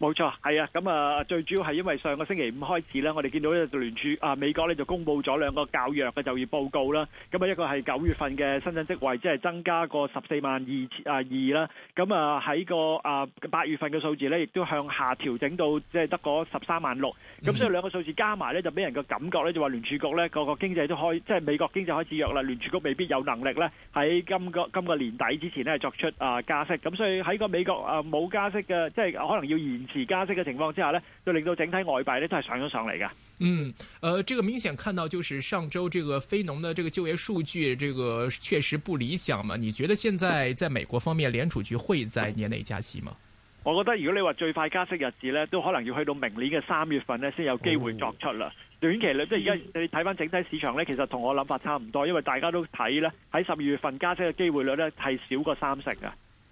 冇錯，係啊！咁啊，最主要係因為上個星期五開始啦，我哋見到咧聯儲啊美國咧就公布咗兩個較弱嘅就業報告啦。咁啊，一個係九月份嘅新增職位，即係增加個十四萬二啊二啦。咁啊，喺個啊八月份嘅數字咧，亦都向下調整到即係得嗰十三萬六。咁所以兩個數字加埋咧，就俾人個感覺咧，就話聯儲局咧個個經濟都開，即係美國經濟開始弱啦。聯儲局未必有能力咧喺今個今個年底之前咧作出啊加息。咁所以喺個美國啊冇加息嘅，即係可能要延持加息嘅情況之下呢，就令到整體外幣呢都係上咗上嚟嘅。嗯，誒、呃，這個明顯看到，就是上周這個非農的這個就業數據，這個確實不理想嘛。你覺得現在在美國方面，聯儲局會在年內加息嗎？我覺得如果你話最快加息日子呢，都可能要去到明年嘅三月份呢先有機會作出啦，嗯。短期咧，即係而家你睇翻整體市場呢，其實同我諗法差唔多，因為大家都睇咧喺十二月份加息嘅機會率呢係少過三成嘅。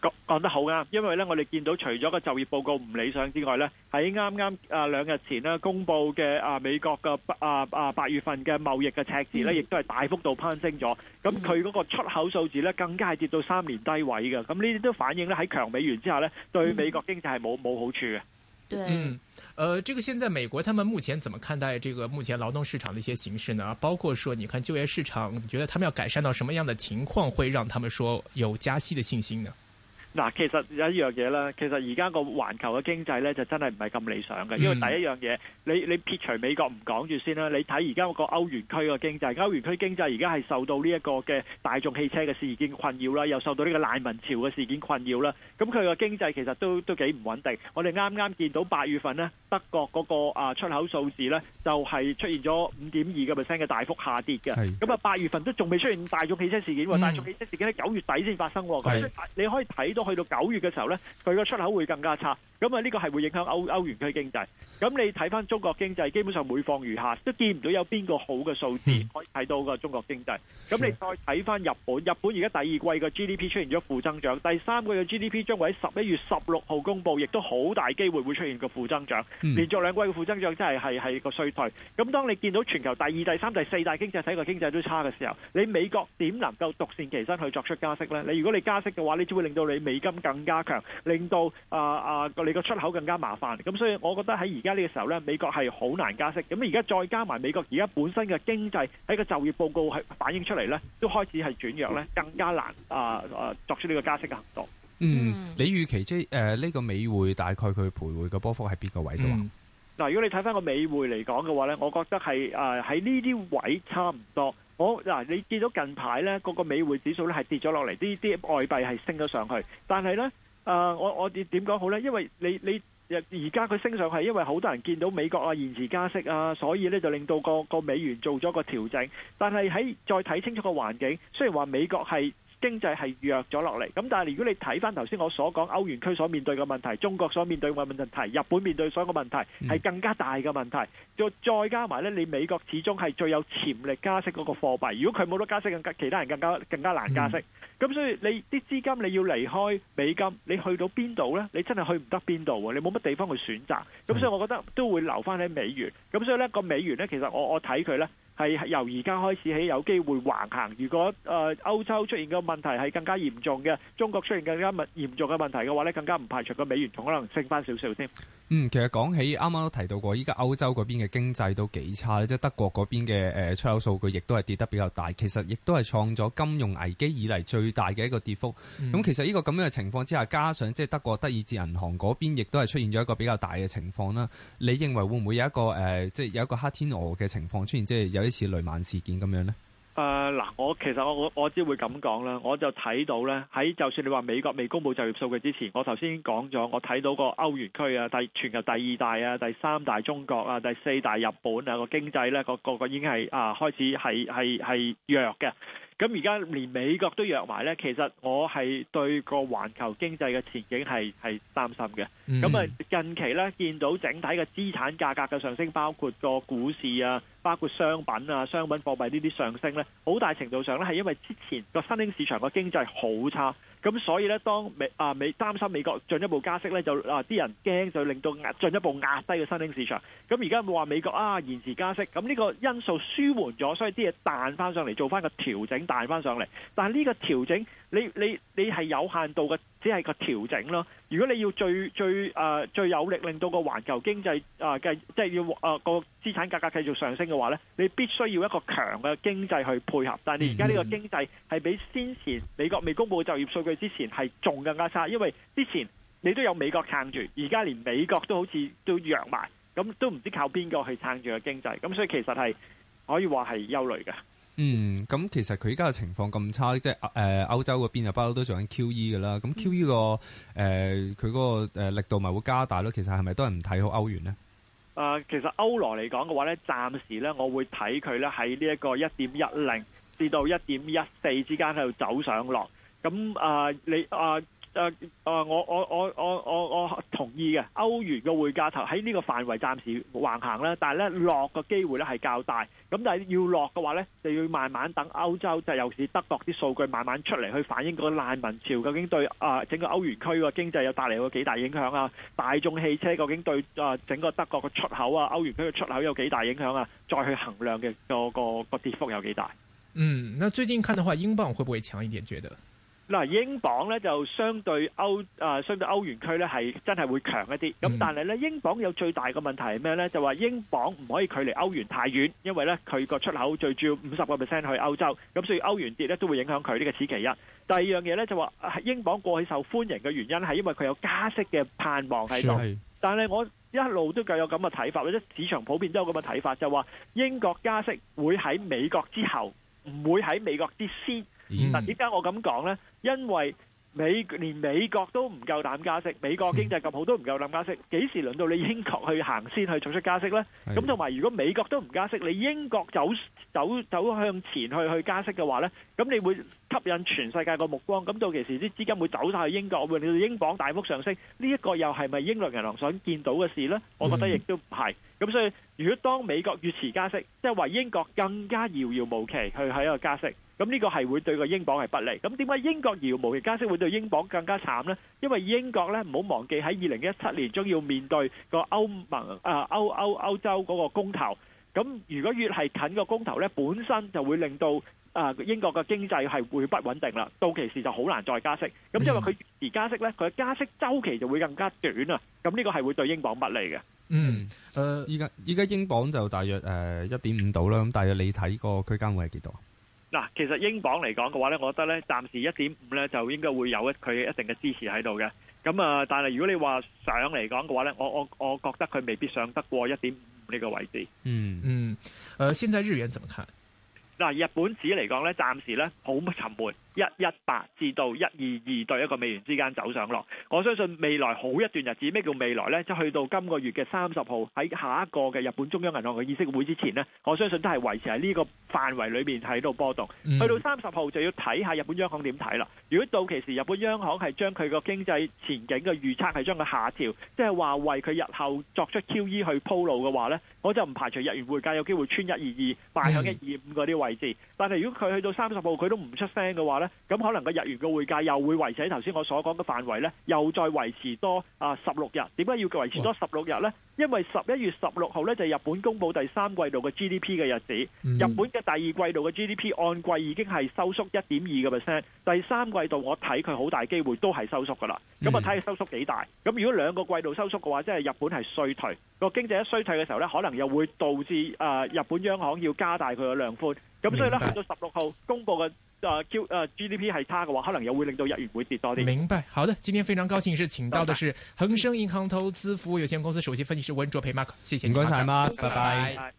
講講得好啱，因為咧，我哋見到除咗個就業報告唔理想之外咧，喺啱啱啊兩日前呢公布嘅啊美國嘅啊啊八月份嘅貿易嘅赤字咧，亦都係大幅度攀升咗。咁佢嗰個出口數字咧，更加係跌到三年低位嘅。咁呢啲都反映咧喺強美元之下咧，對美國經濟係冇冇好處嘅。對，嗯，誒、呃，這個現在美國他們目前怎麼看待這個目前勞動市場的一些形勢呢？包括說，你看就業市場，你覺得他們要改善到什麼樣的情況會讓他們說有加息的信心呢？嗱，其實有一樣嘢啦，其實而家個環球嘅經濟咧，就真係唔係咁理想嘅。因為第一樣嘢，你你撇除美國唔講住先啦，你睇而家個歐元區嘅經濟，歐元區經濟而家係受到呢一個嘅大眾汽車嘅事件困擾啦，又受到呢個難民潮嘅事件困擾啦。咁佢個經濟其實都都幾唔穩定。我哋啱啱見到八月份呢，德國嗰個啊出口數字咧，就係、是、出現咗五點二個 percent 嘅大幅下跌嘅。咁啊，八月份都仲未出現大眾汽車事件喎，大眾汽車事件喺九月底先發生喎。你可以睇。都去到九月嘅時候咧，佢嘅出口會更加差。咁啊，呢個係會影響歐歐元區經濟。咁你睇翻中國經濟，基本上每況愈下，都見唔到有邊個好嘅數字可以睇到個、嗯、中國經濟。咁你再睇翻日本，日本而家第二季嘅 GDP 出現咗負增長，第三季嘅 GDP 將會喺十一月十六號公佈，亦都好大機會會出現個負增長、嗯。連續兩季嘅負增長真，真係係係個衰退。咁當你見到全球第二、第三、第四大經濟體個經濟都差嘅時候，你美國點能夠獨善其身去作出加息呢？你如果你加息嘅話，你只會令到你美金更加強，令到啊啊個美國出口更加麻煩，咁所以我覺得喺而家呢個時候咧，美國係好難加息。咁而家再加埋美國而家本身嘅經濟喺個就業報告係反映出嚟咧，都開始係轉弱咧，更加難啊啊、呃、作出呢個加息嘅行動。嗯，你預期即係誒呢個美匯大概佢徘徊嘅波幅係邊個位度啊？嗱、嗯，如果你睇翻個美匯嚟講嘅話咧，我覺得係啊喺呢啲位差唔多。我嗱、呃，你見到近排咧嗰個美匯指數咧係跌咗落嚟，啲啲外幣係升咗上去，但係咧。啊！我我哋點講好呢？因為你你而家佢升上去，因為好多人見到美國啊延遲加息啊，所以呢就令到個個美元做咗個調整。但係喺再睇清楚個環境，雖然話美國係。經濟係弱咗落嚟，咁但係如果你睇翻頭先我所講歐元區所面對嘅問題，中國所面對嘅問題，日本面對所有嘅問題係更加大嘅問題。再、嗯、再加埋咧，你美國始終係最有潛力加息嗰個貨幣，如果佢冇得加息，咁其他人更加更加難加息。咁、嗯、所以你啲資金你要離開美金，你去到邊度呢？你真係去唔得邊度，你冇乜地方去選擇。咁、嗯、所以我覺得都會留翻喺美元。咁所以呢個美元呢，其實我我睇佢呢。係由而家開始起有機會橫行。如果誒呃歐洲出現嘅問題係更加嚴重嘅，中國出現更加嚴重嘅問題嘅話咧，更加唔排除個美元仲可能升翻少少添。嗯，其實講起啱啱都提到過，依家歐洲嗰邊嘅經濟都幾差咧，即係德國嗰邊嘅誒出口數據亦都係跌得比較大，其實亦都係創咗金融危機以嚟最大嘅一個跌幅。咁，嗯，其實呢個咁樣嘅情況之下，加上即係德國德意志銀行嗰邊亦都係出現咗一個比較大嘅情況啦。你認為會唔會有一個誒，即係有一個黑天鵝嘅情況出現，即係有一次雷曼事件咁樣呢？誒、呃、嗱，我其實我我我只會咁講啦，我就睇到咧喺就算你話美國未公佈就業數據之前，我頭先講咗，我睇到個歐元區啊，第全球第二大啊，第三大中國啊，第四大日本啊個經濟咧，個個個已經係啊開始係係係弱嘅。咁而家連美國都弱埋呢，其實我係對個環球經濟嘅前景係係擔心嘅。咁啊，近期呢，見到整體嘅資產價格嘅上升，包括個股市啊，包括商品啊、商品貨幣呢啲上升呢，好大程度上呢係因為之前個新興市場個經濟好差。咁所以咧，當美啊美擔心美國進一步加息咧，就啊啲人驚，就令到壓進一步壓低個新興市場。咁而家話美國啊延遲加息，咁呢個因素舒緩咗，所以啲嘢彈翻上嚟，做翻個調整彈翻上嚟。但係呢個調整，你你你係有限度嘅。只係個調整咯。如果你要最最、呃、最有力令到個環球經濟、呃、即係要誒個、呃、資產價格繼續上升嘅話咧，你必須要一個強嘅經濟去配合。但係而家呢個經濟係比先前美國未公佈就業數據之前係仲更加差，因為之前你都有美國撐住，而家連美國都好似都弱埋，咁都唔知靠邊個去撐住個經濟。咁所以其實係可以話係憂慮嘅。嗯，咁其實佢依家嘅情況咁差，即係誒、呃、歐洲嗰邊不嬲都做緊 QE 嘅啦。咁 QE 個誒佢嗰個力度咪會加大咯？其實係咪都係唔睇好歐元呢？啊、呃，其實歐羅嚟講嘅話咧，暫時咧，我會睇佢咧喺呢一個一點一零至到一點一四之間喺度走上落。咁啊、呃，你啊。呃誒，誒，我我我我我我同意嘅。歐元嘅匯價頭喺呢個範圍暫時橫行啦，但係咧落嘅機會咧係較大。咁但係要落嘅話咧，就要慢慢等歐洲，尤其是德國啲數據慢慢出嚟，去反映個難民潮究竟對整個歐元區個經濟有帶嚟個幾大影響啊？大眾汽車究竟對整個德國嘅出口啊，歐元區嘅出口有幾大影響啊？再去衡量嘅個個跌幅有幾大？嗯，那最近看嘅話，英鎊會不會強一點？覺得？嗱，英鎊咧就相對歐啊，相對歐元區咧係真係會強一啲。咁但係咧，英鎊有最大嘅問題係咩咧？就話英鎊唔可以距離歐元太遠，因為咧佢個出口最主要五十個 percent 去歐洲。咁所以歐元跌咧都會影響佢，呢個此其一。第二樣嘢咧就話，英鎊過去受歡迎嘅原因係因為佢有加息嘅盼望喺度。但係我一路都夠有咁嘅睇法，或者市場普遍都有咁嘅睇法，就話英國加息會喺美國之後，唔會喺美國之先。嗱，點解我咁講咧？因為美連美國都唔夠膽加息，美國經濟咁好都唔夠膽加息。幾時輪到你英國去行先去做出加息咧？咁同埋，如果美國都唔加息，你英國走走走向前去去加息嘅話咧，咁你會吸引全世界個目光。咁到其時啲資金會走曬去英國，會令到英鎊大幅上升。呢一個又係咪英倫銀行想見到嘅事咧？我覺得亦都唔係。咁所以，如果當美國越遲加息，即係話英國更加遙遙無期去喺度加息。咁呢個係會對個英鎊係不利。咁點解英國而無條件加息會對英鎊更加慘咧？因為英國咧，唔好忘記喺二零一七年將要面對個歐盟啊，歐歐歐洲嗰個公投。咁如果越係近個公投咧，本身就會令到啊英國嘅經濟係會不穩定啦。到期時就好難再加息。咁因為佢而加息咧，佢嘅加息週期就會更加短啊。咁呢個係會對英鎊不利嘅。嗯，誒，依家依家英鎊就大約誒一點五度啦。咁大約你睇個區間會係幾多？嗱，其實英鎊嚟講嘅話咧，我覺得咧，暫時一點五咧就應該會有一佢一定嘅支持喺度嘅。咁啊，但係如果你話上嚟講嘅話咧，我我我覺得佢未必上得過一點五呢個位置。嗯嗯，誒、呃，現在日元怎麼看？嗱，日本紙嚟講咧，暫時咧好乜沉悶。一一八至到一二二對一個美元之間走上落，我相信未來好一段日子。咩叫未來呢？即去到今個月嘅三十號，喺下一個嘅日本中央銀行嘅議息會之前呢，我相信都係維持喺呢個範圍裏面，喺度波動。去到三十號就要睇下日本央行點睇啦。如果到期時日本央行係將佢個經濟前景嘅預測係將佢下調，即係話為佢日後作出 QE 去鋪路嘅話呢，我就唔排除日元匯價有機會穿一二二，迫向一二五嗰啲位置。但係如果佢去到三十號佢都唔出聲嘅話呢。咁可能個日元嘅匯價又會維持喺頭先我所講嘅範圍呢，又再維持多啊十六日。點解要維持多十六日呢？因為十一月十六號呢，就係、日本公布第三季度嘅 GDP 嘅日子，嗯、日本嘅第二季度嘅 GDP 按季已經係收縮一點二個 percent，第三季度我睇佢好大機會都係收縮噶啦。咁啊睇佢收縮幾大。咁如果兩個季度收縮嘅話，即係日本係衰退個經濟一衰退嘅時候呢，可能又會導致、呃、日本央行要加大佢嘅量寬。咁所以呢，去到十六號公布嘅。呃 Q 呃 GDP 係差嘅話，可能又會令到日元會跌多啲。明白，好的，今天非常高興是請到的是恒生銀行投資服務有限公司首席分析師溫灼培 Mark 謝謝謝謝你。唔該曬，拜拜。拜拜，拜拜。